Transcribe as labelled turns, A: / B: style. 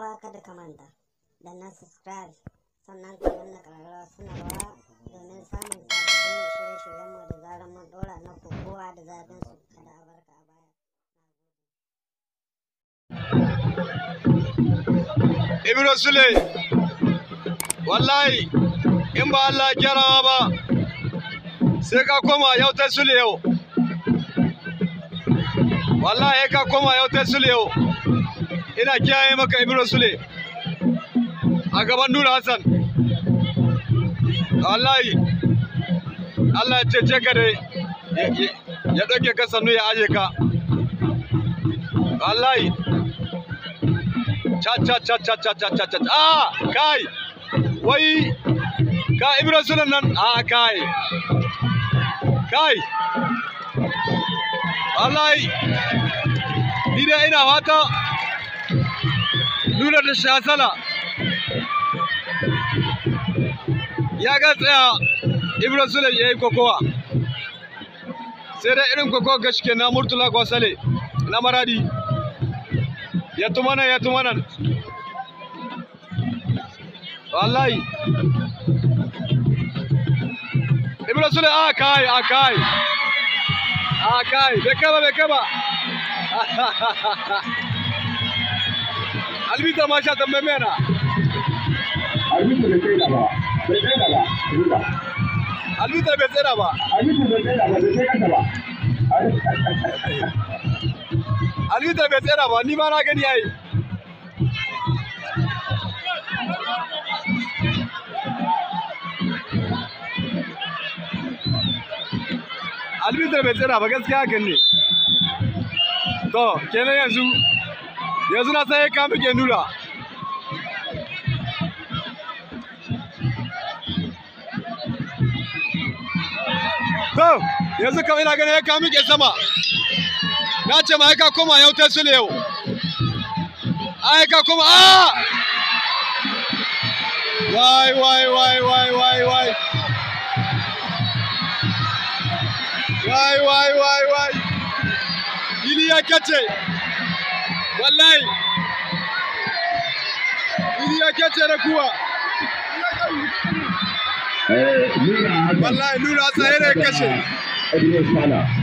A: uwa kada ka manta da na subscribe sannan ka danna ƙararrawa sanarwa domin samun sabbin shirye-shiryenmu da mun na kowa da zafin su kada a a baya. Ibro Sule wallahi in ba Allah jarawa ba sai ka koma yau ta Sule yau wallahi ka koma yau ta Sule yau ina kiyaye maka ibro sule a gaban nura hassan wallahi allah ya cece ka dai ya ɗauke ka sannu ya aje ka wallahi cha cha cha cha cha cha cha cha ah kai wai ka ibro sule nan ah kai kai wallahi ni dai ina fata nuna da shasala ya ga tsaya ibra sulai ya yi kokowa sai dai irin kokowa ga shi na murtula Kwasale, na maradi ya tumanan ya tumanan wallahi ibra sulai a kai a kai a kai bai kaba bai kaba आज भी तमाशा था मैं मेरा albi da bai da ba bai da ba albi da bai da ba albi da bai da ba bai da ba albi to kenan yanzu yanzu na sai ka muke nuna to yanzu kamar ina ganin muke sama na ce ma ka koma yau ta su yau ka koma a wai wai wai wai wai wai wai wai wai wai Iliya kace wallahi idi yake cere kuwa eh, wallahi lura tsayere eh, kashe